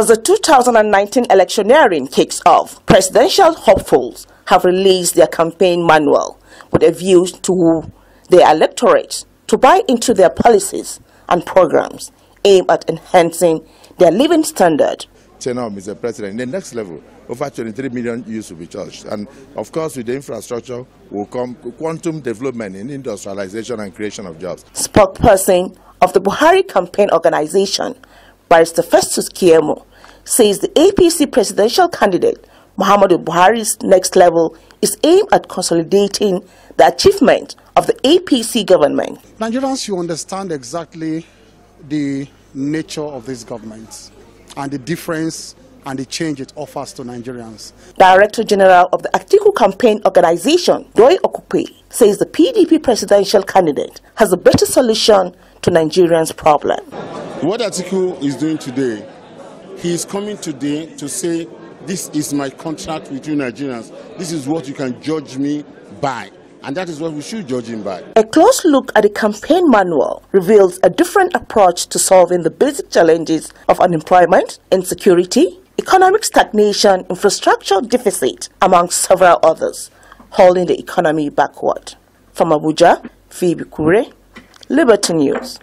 As the 2019 electioneering kicks off, presidential hopefuls have released their campaign manual with a view to their electorate to buy into their policies and programs aimed at enhancing their living standard. So Mr. President, in the next level, over 23 million youths will be charged. And of course, with the infrastructure will come quantum development in industrialization and creation of jobs. Spokesperson of the Buhari Campaign Organization, Barrister Festus Kiemo, says the APC presidential candidate Muhammadu Buhari's next level is aimed at consolidating the achievement of the APC government. Nigerians, you understand exactly the nature of this government and the difference and the change it offers to Nigerians. Director General of the Atiku Campaign Organization, Doi Okupe, says the PDP presidential candidate has a better solution to Nigerians' problem. What Atiku is doing today he is coming today to say, This is my contract with you Nigerians. This is what you can judge me by. And that is what we should judge him by. A close look at the campaign manual reveals a different approach to solving the basic challenges of unemployment, insecurity, economic stagnation, infrastructure deficit, among several others, holding the economy backward. From Abuja, Phoebe Kure, Liberty News.